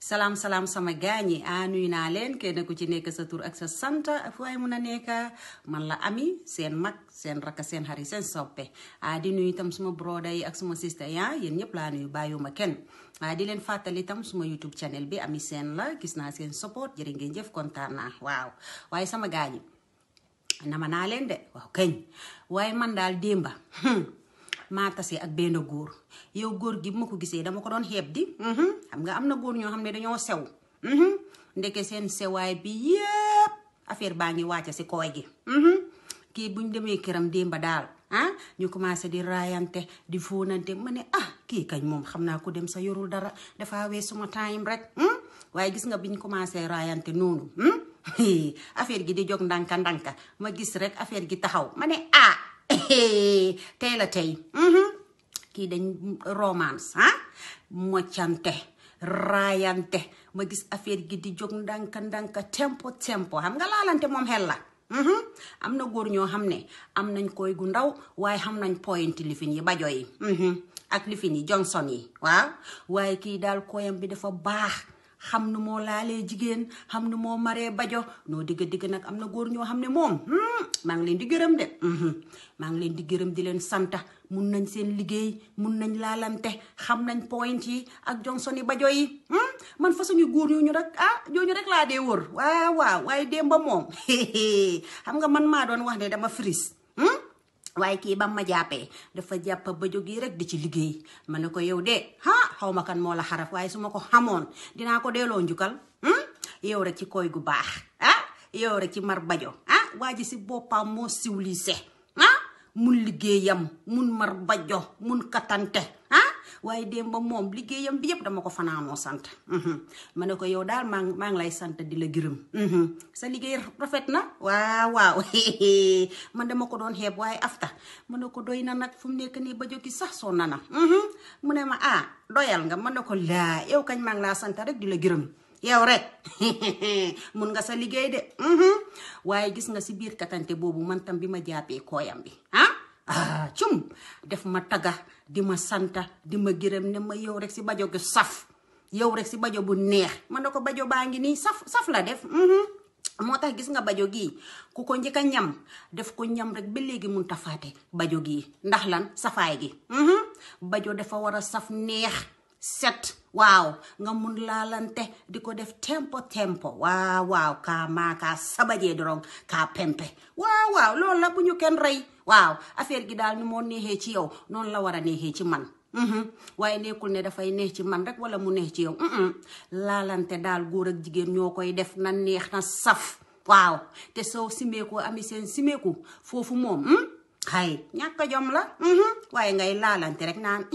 salaam salaam sama gaañi a ah, nuyu naa leen kenn ku ci nekk sa tur ak sa sant fu ay mun a nekk man la ami seen mag seen rakk seen xarit seen soppe a ah, di nuyu itam suma broda yi ak suma sista ya ah, yéen ñëpp laa nuyu bàyyuma kenn a di leen fàttali tam suma youtube channel bi ami seen la gis naa seen support jërë ngeen jëf kontaan naa waaw waaye sama gaañi nama naa leen de waaw kañ waaye man daal démba hmm. maa tase ak benn góor yow góor gi bu ma ko gisee dama ko doon xeeb di mhm. xam nga am na góor ñoo xam ne dañoo sew mhm. ndeke seen sewaay bi yépp affaire baa ngi wàcce si kooy gi mhm. kii buñ demee këram démba daal ah ñu commencé di raayante di fóonante ma ne ah, kii kañ moom xam naa ko dem sa yorul dara dafa suma time rek hmm? waaye gis nga biñ commencé raayante noonu hmm? gi di jog ndanka ndanka ma gis rek affaire gi taxaw ma ne ah tey la tey mhm. kii dañ romance ah moccante raayante ma gis affaire gi di jóg ndànk ndànk tempo tempo xam nga laalante moom xel la mhm. am na góor ñoo xam ne am nañ koy gu ndaw waaye xam nañ point lifin yi bajo yi mhm. ak lifin yi johnson yi waaw waaye kii daal koyam bi dafa baax xam nu moo laalee jigéen xam nu moo maree bajo noo digg digg nag am na góor ñoo xam ne moom hmm, maa ngi leen di gërëm de hmm, maa ngi leen di gërëm di leen sant mun nañ seen liggéey mun nañ laalante xam nañ point yi ak Johnson yi bajo yi hmm. man fa suñu góor ñu rek ah ñooñu rek laa dee wër waaw waaye démb ba moom xam nga man maa doon wax ne dama fris waaye kii ba ma jàppee dafa jàpp ba jóg yi rek di ci liggéey ma ne ko yow de ha xaw ma kan moo la xaraf waaye su ma ko xamoon dinaa ko delloo njukkal hmm? yow rek ci koy gu baax ah? yow rek ci mar bajo ah waa ji si boppam moo siwlise ah mun liggéeyam mun mar bajo mun katante waaye démb ba moom liggéeyam bi yëpp dama ko fanaanoo sant mhm. ma ne ko yow daal maa ngi maa ngi lay sant di la gërëm mhm. sa liggéey rafet na waaw waaw man dama ko doon xeeb waaye afta ma ne ko doy na nag fu mu nekk nii ba jógi sax soo na na mhm. mu ne ma ah doyal nga ma ne ko laa yow kañ maa laa sant rek di la gërëm yow rek mun nga sa liggéey de waaye gis nga si biir katante boobu man tam bi ma jàppee kooyam bi ah? ah cum def ma tagga di ma santa di ma gërëm ne ma yow rek si bajo gu saf yow rek si bajo bu neex man na ko bajo baa ngi nii saf saf la def mhm. moo tax gis nga bajo gii ku ko njëkk a ñam def ko ñam rek ba léegi mun tafaate bajo gii ndax lan safaay gi mhm. bajo dafa war a saf neex set waaw nga mun laalante di ko def tempo tempo waaw waaw kaa maa kaa sabajee dorong kaa pempe waaw waaw loolu la bu ñu kenn rey waaw affaire gi daal ni moo neexee ci yow noonu la war a neexee ci man mhm. waaye nekkul ne dafay neex ci man rek wala mu neex ci yow mhm. laalante daal góor ak jigéen ñoo koy def na neex na saf waaw te soo simeeku ami seen simeeku foofu moom hmm? hay ñàkk jom la mhm. waaye ngay laalante rek naan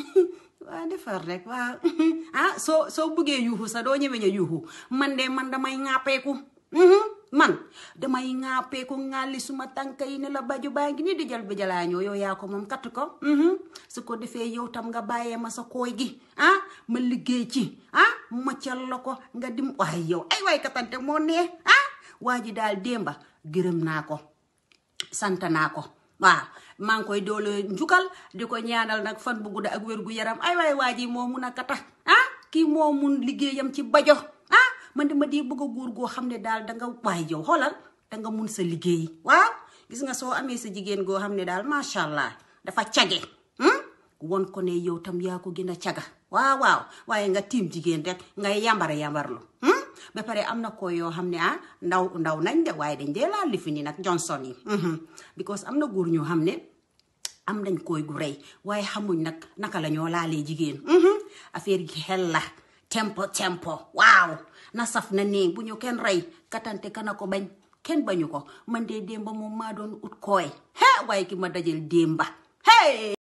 waa defar rek waa ah, soo soo buggee yuuxu sa doo ñëwee a yuuxu man de man damay ŋàppeeku mhm, man damay ŋàppeeku ŋàlli suma tànk yi ne la baju baa ngi nii di jël bi jalaa ñoo yow yaa ko moom katt ko mhm, su ko defee yow tam nga bàyyee ma sa kooy gi ah, ma liggéey ci ah moccal la ko nga dim waay yow ay waay katante moo nee ah waa ji daal démba gërëm naa ko sant naa ko wa man ngi koy dole njukal di ñaanal nak fan bu gudda ak wér gu yaram ay way waji ji a ah kii mun liggéeyam ci bajjo ah man di di bëgg a go xamne dal da nga way yow xoolal da nga mun sa liggeey wa gis nga so amé sa jigen go xamne dal ma sha allah dafa cage hmm? won ko ne yow tam ya ko gina ciaga wa wa waye nga tim jigen rek ngay yambare hmm ba pare am na ko yoo xam ne ah ndaw ndaw nañ de waaye dañ dee laa lifini nag Johnson yi mhm. because am na góor ñoo xam ne am nañ koy gu rëy waaye xamuñ nag naka la ñoo laalee jigéen mhm. affaire gi xel la tempo tempo waaw na saf na nii bu ñu kenn rey katante kana ko bañ kenn bañu ko man dee démba moom maa doon ut kooy he waaye ki ma dajal démba hey